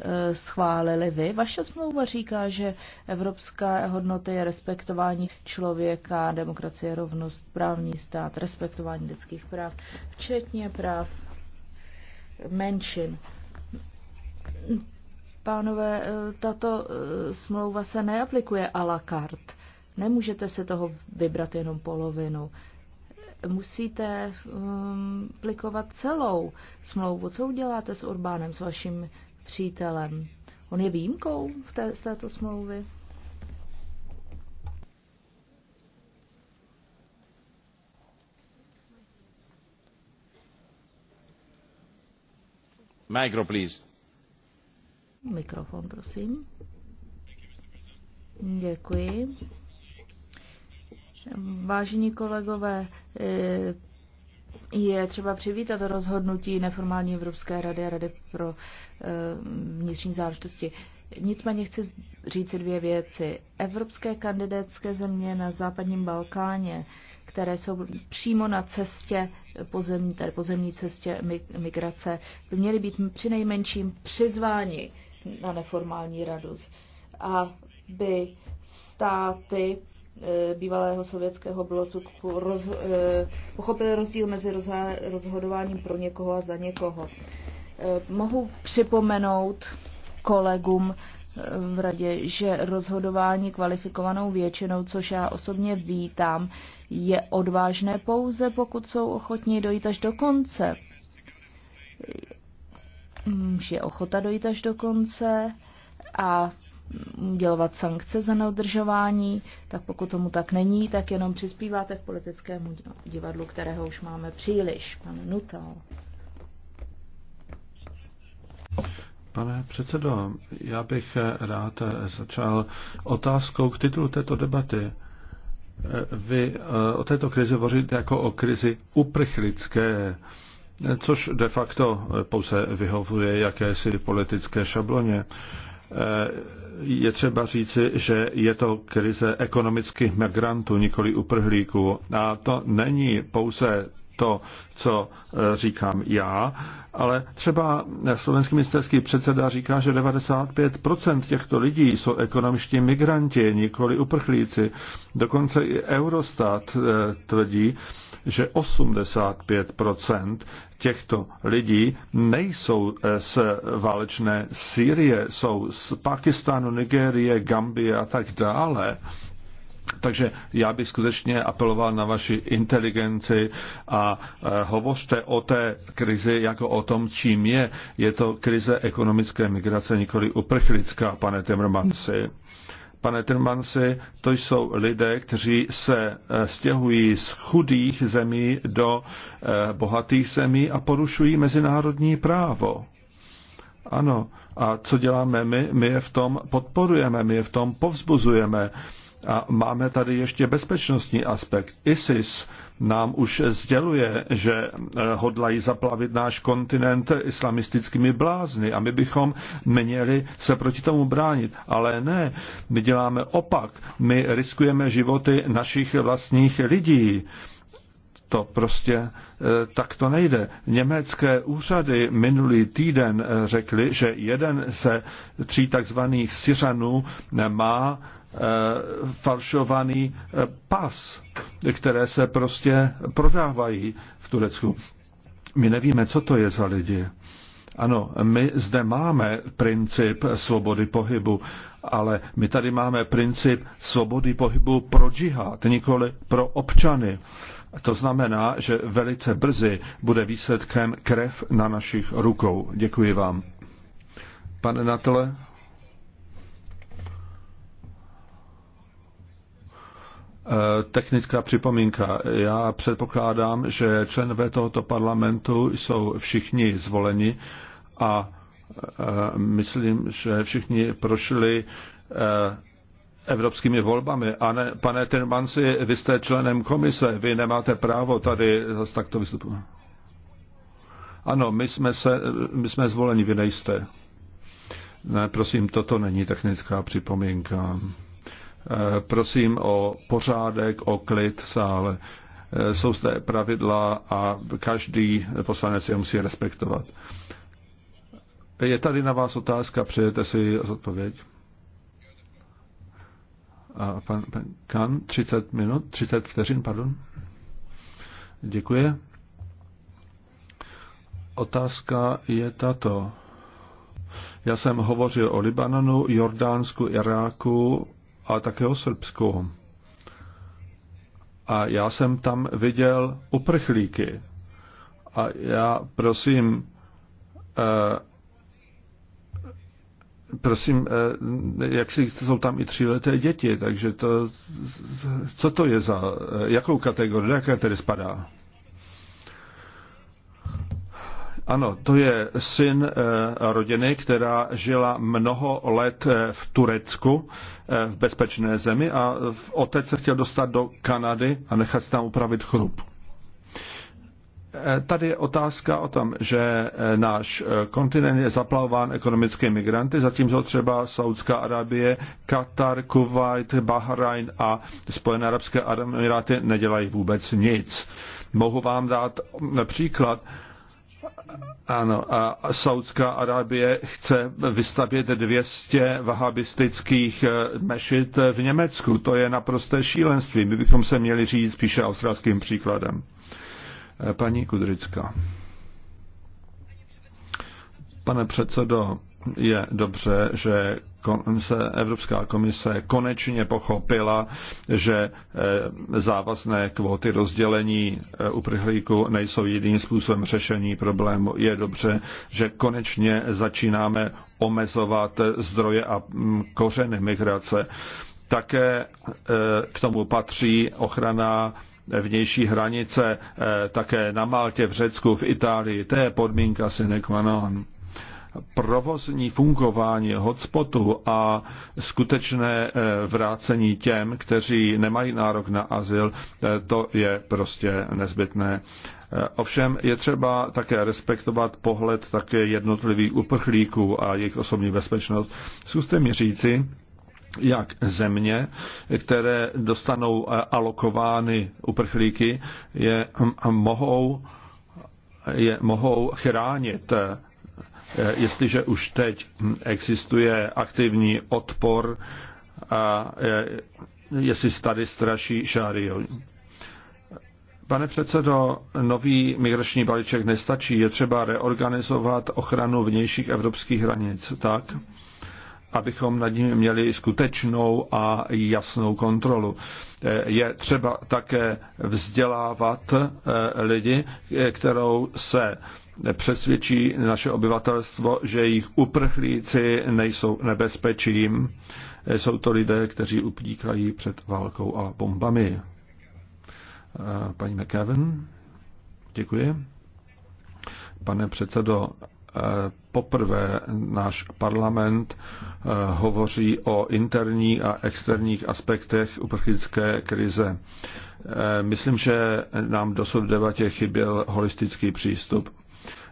eh, schválili vy. Vaše smlouva říká, že evropská hodnota je respektování člověka, demokracie, rovnost, právní stát, respektování lidských práv, včetně práv menšin. Pánové, eh, tato eh, smlouva se neaplikuje à la carte. Nemůžete se toho vybrat jenom polovinu. Musíte um, aplikovat celou smlouvu. Co uděláte s Urbánem, s vaším přítelem? On je výjimkou v té, z této smlouvy? Micro, please. Mikrofon, prosím. Děkuji. Vážení kolegové, eh, je třeba přivítat rozhodnutí neformální Evropské rady a Rady pro eh, vnitřní záležitosti. Nicméně chci říct dvě věci. Evropské kandidátské země na západním Balkáně které jsou přímo na cestě pozemní, tedy pozemní cestě migrace, by měly být při nejmenším přizváni na neformální radu. A by státy e, bývalého sovětského bloku roz, e, pochopili rozdíl mezi rozhodováním pro někoho a za někoho. E, mohu připomenout kolegům v radě, že rozhodování kvalifikovanou většinou, což já osobně vítám, je odvážné pouze, pokud jsou ochotní dojít až do konce. Je ochota dojít až do konce a udělovat sankce za neodržování, tak pokud tomu tak není, tak jenom přispíváte k politickému divadlu, kterého už máme příliš. Pane Nutel. Pane předsedo, já bych rád začal otázkou k titulu této debaty. Vy eh, o této krizi hovoříte jako o krizi uprchlické, což de facto pouze vyhovuje jakési politické šabloně. Eh, je třeba říci, že je to krize ekonomických migrantů, nikoli uprhlíků. A to není pouze to, co e, říkám já, ale třeba slovenský ministerský předseda říká, že 95% těchto lidí jsou ekonomičtí migranti, nikoli uprchlíci. Dokonce i Eurostat e, tvrdí, že 85% těchto lidí nejsou z válečné Sýrie, jsou z Pakistánu, Nigérie, Gambie a tak dále. Takže já bych skutečně apeloval na vaši inteligenci a e, hovořte o té krizi jako o tom, čím je. Je to krize ekonomické migrace, nikoli uprchlická, pane Timmermansi. Pane Timmermansi, to jsou lidé, kteří se e, stěhují z chudých zemí do e, bohatých zemí a porušují mezinárodní právo. Ano. A co děláme my? My je v tom podporujeme, my je v tom povzbuzujeme. A máme tady ještě bezpečnostní aspekt. ISIS nám už sděluje, že eh, hodlají zaplavit náš kontinent islamistickými blázny a my bychom měli se proti tomu bránit. Ale ne, my děláme opak. My riskujeme životy našich vlastních lidí. To prostě eh, tak to nejde. Německé úřady minulý týden eh, řekly, že jeden ze tří takzvaných Syřanů má Eh, falšovaný eh, pas, které se prostě prodávají v Turecku. My nevíme, co to je za lidi. Ano, my zde máme princip svobody pohybu, ale my tady máme princip svobody pohybu pro džihad, nikoli pro občany. To znamená, že velice brzy bude výsledkem krev na našich rukou. Děkuji vám. Pane Natele, Eh, technická připomínka. Já předpokládám, že členové tohoto parlamentu jsou všichni zvoleni a eh, myslím, že všichni prošli eh, evropskými volbami. A ne, pane Tirmansi, vy jste členem komise, vy nemáte právo tady zase takto vystupovat. Ano, my jsme, se, my jsme zvoleni, vy nejste. Ne, prosím, toto není technická připomínka. Eh, prosím o pořádek, o klid v sále. Eh, jsou zde pravidla a každý poslanec je musí respektovat. Je tady na vás otázka, přejete si odpověď? A pan, pan Kan, 30 minut, 30 vteřin, pardon. Děkuji. Otázka je tato. Já jsem hovořil o Libanonu, Jordánsku, Iráku, ale také o Srbsku. A já jsem tam viděl uprchlíky. A já prosím, eh, prosím, eh, jak si jsou tam i tříleté děti, takže to, co to je za, eh, jakou kategorii, jaké tedy spadá? Ano, to je syn eh, rodiny, která žila mnoho let eh, v Turecku, eh, v bezpečné zemi a otec se chtěl dostat do Kanady a nechat tam upravit chrup. Tady je otázka o tom, že náš kontinent je zaplavován ekonomickými migranty, zatímco třeba Saudská Arábie, Katar, Kuwait, Bahrajn a Spojené arabské emiráty nedělají vůbec nic. Mohu vám dát příklad ano, a Saudská Arábie chce vystavět 200 vahabistických eh, mešit v Německu. To je naprosté šílenství. My bychom se měli říct spíše australským příkladem. Eh, paní Kudrická. Pane předsedo, je dobře, že komise, Evropská komise konečně pochopila, že eh, závazné kvóty rozdělení eh, uprchlíků nejsou jediným způsobem řešení problému. Je dobře, že konečně začínáme omezovat eh, zdroje a mm, kořeny migrace. Také k tomu patří ochrana vnější hranice, také na Maltě, v Řecku, v Itálii. To je podmínka sine qua non provozní fungování hotspotu a skutečné eh, vrácení těm, kteří nemají nárok na azyl, eh, to je prostě nezbytné. Eh, ovšem je třeba také respektovat pohled také jednotlivých uprchlíků a jejich osobní bezpečnost. Zkuste mi říci, jak země, které dostanou alokovány uprchlíky, je, hm, mohou, je, mohou chránit Eh, jestliže už teď hm, existuje aktivní odpor a eh, jestli tady straší šáriou. Pane předsedo, nový migrační balíček nestačí. Je třeba reorganizovat ochranu vnějších evropských hranic tak, abychom nad nimi měli skutečnou a jasnou kontrolu. Eh, je třeba také vzdělávat lidi, kterou se přesvědčí naše obyvatelstvo, že jejich uprchlíci nejsou nebezpečím. Jsou to lidé, kteří upíkají před válkou a bombami. Eh, paní McKevin, děkuji. Pane předsedo, eh, poprvé náš parlament eh, hovoří o interních a externích aspektech uprchlické krize. Myslím, že nám dosud v debatě chyběl holistický přístup.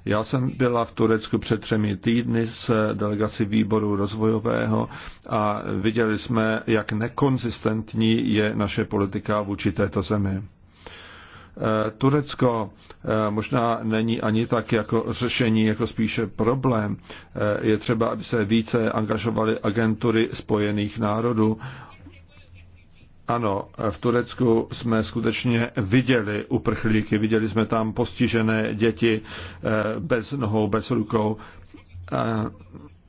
Já jsem byla v Turecku před třemi týdny s delegací výboru rozvojového a viděli jsme, jak nekonzistentní je naše politika vůči této zemi. E, Turecko e, možná není ani tak jako řešení, jako spíše problém. E, je třeba, aby se více angažovaly agentury spojených národů ano, v Turecku jsme skutečně viděli uprchlíky, viděli jsme tam postižené děti eh, bez nohou, bez rukou. Eh,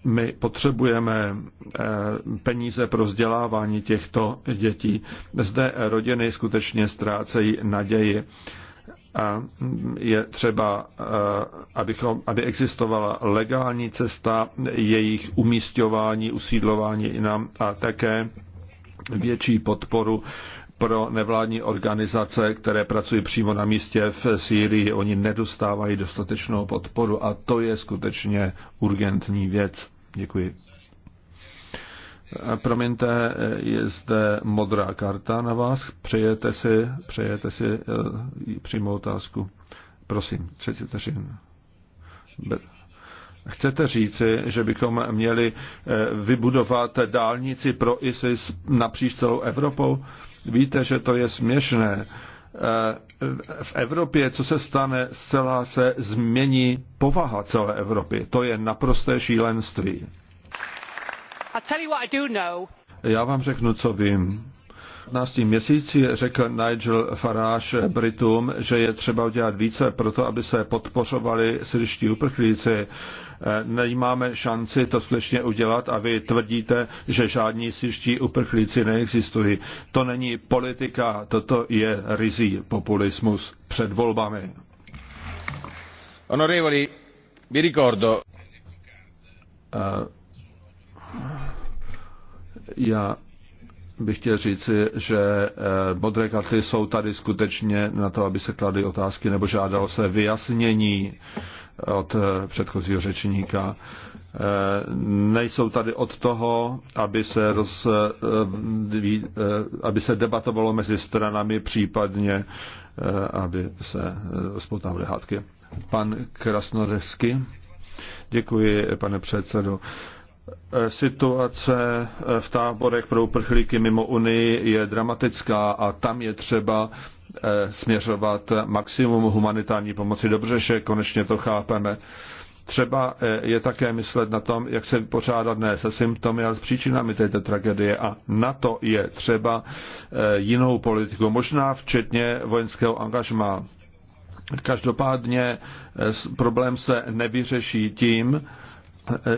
my potřebujeme eh, peníze pro vzdělávání těchto dětí. Zde rodiny skutečně ztrácejí naději. A je třeba, abychom, aby existovala legální cesta jejich umístování, usídlování i nám a také větší podporu pro nevládní organizace, které pracují přímo na místě v Sýrii. Oni nedostávají dostatečnou podporu a to je skutečně urgentní věc. Děkuji. Promiňte, je zde modrá karta na vás. Přejete si, přejete si eh, přímou otázku. Prosím, Třetí vteřin. Chcete říci, že bychom měli eh, vybudovat dálnici pro ISIS napříč celou Evropou? Víte, že to je směšné. Eh, v Evropě, co se stane, zcela se změní povaha celé Evropy. To je naprosté šílenství. Já vám řeknu, co vím 15 měsíci řekl Nigel Farage Britům, že je třeba udělat více pro to, aby se podpořovali syrští uprchlíci. Nemáme šanci to skutečně udělat a vy tvrdíte, že žádní syrští uprchlíci neexistují. To není politika, toto je rizí populismus před volbami. Honorevoli, vi ricordo. Uh, já bych chtěl říci, že eh, modré karty jsou tady skutečně na to, aby se kladly otázky nebo žádalo se vyjasnění eh, od eh, předchozího řečníka. Nejsou tady od toho, aby se, roz, aby se debatovalo mezi stranami, případně aby se spoutávaly hádky. Pan Krasnodevsky. Děkuji, pane předsedo. Eh, situace eh, v táborech pro uprchlíky mimo Unii je dramatická a tam je třeba eh, směřovat maximum humanitární pomoci. Dobře, že konečně to chápeme. Třeba je také myslet na tom, jak se vypořádat ne se symptomy, ale s příčinami této tragedie. A na to je třeba jinou politiku, možná včetně vojenského angažmá. Každopádně problém se nevyřeší tím,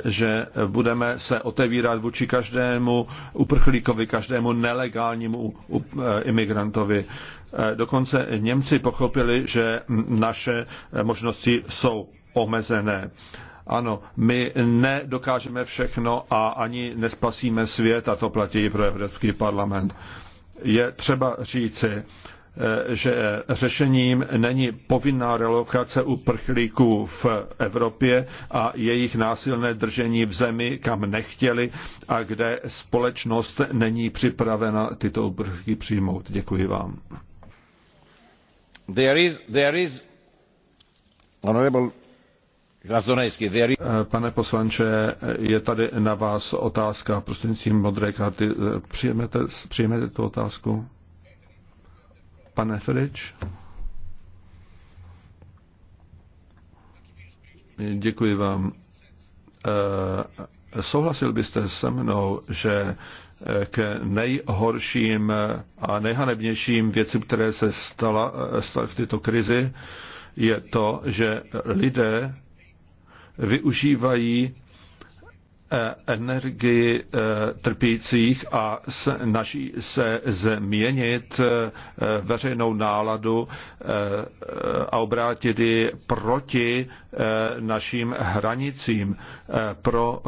že budeme se otevírat vůči každému uprchlíkovi, každému nelegálnímu eh, imigrantovi. Eh, dokonce Němci pochopili, že naše možnosti jsou omezené. Ano, my nedokážeme všechno a ani nespasíme svět, a to platí i pro Evropský parlament. Je třeba říci, Eh, že řešením není povinná relokace uprchlíků v Evropě a jejich násilné držení v zemi, kam nechtěli a kde společnost není připravena tyto uprchlíky přijmout. Děkuji vám. There is, there is, honorable eh, Pane poslanče, je tady na vás otázka prostřednictvím modré karty. Eh, přijmete, přijmete tu otázku? Pane Ferič. Děkuji vám. Eh, souhlasil byste se mnou, že eh, k nejhorším a nejhanebnějším věcem, které se stala, eh, stala v této krizi, je to, že lidé využívají Eh, energii eh, trpících a snaží se změnit eh, veřejnou náladu a obrátit ji proti našim hranicím pro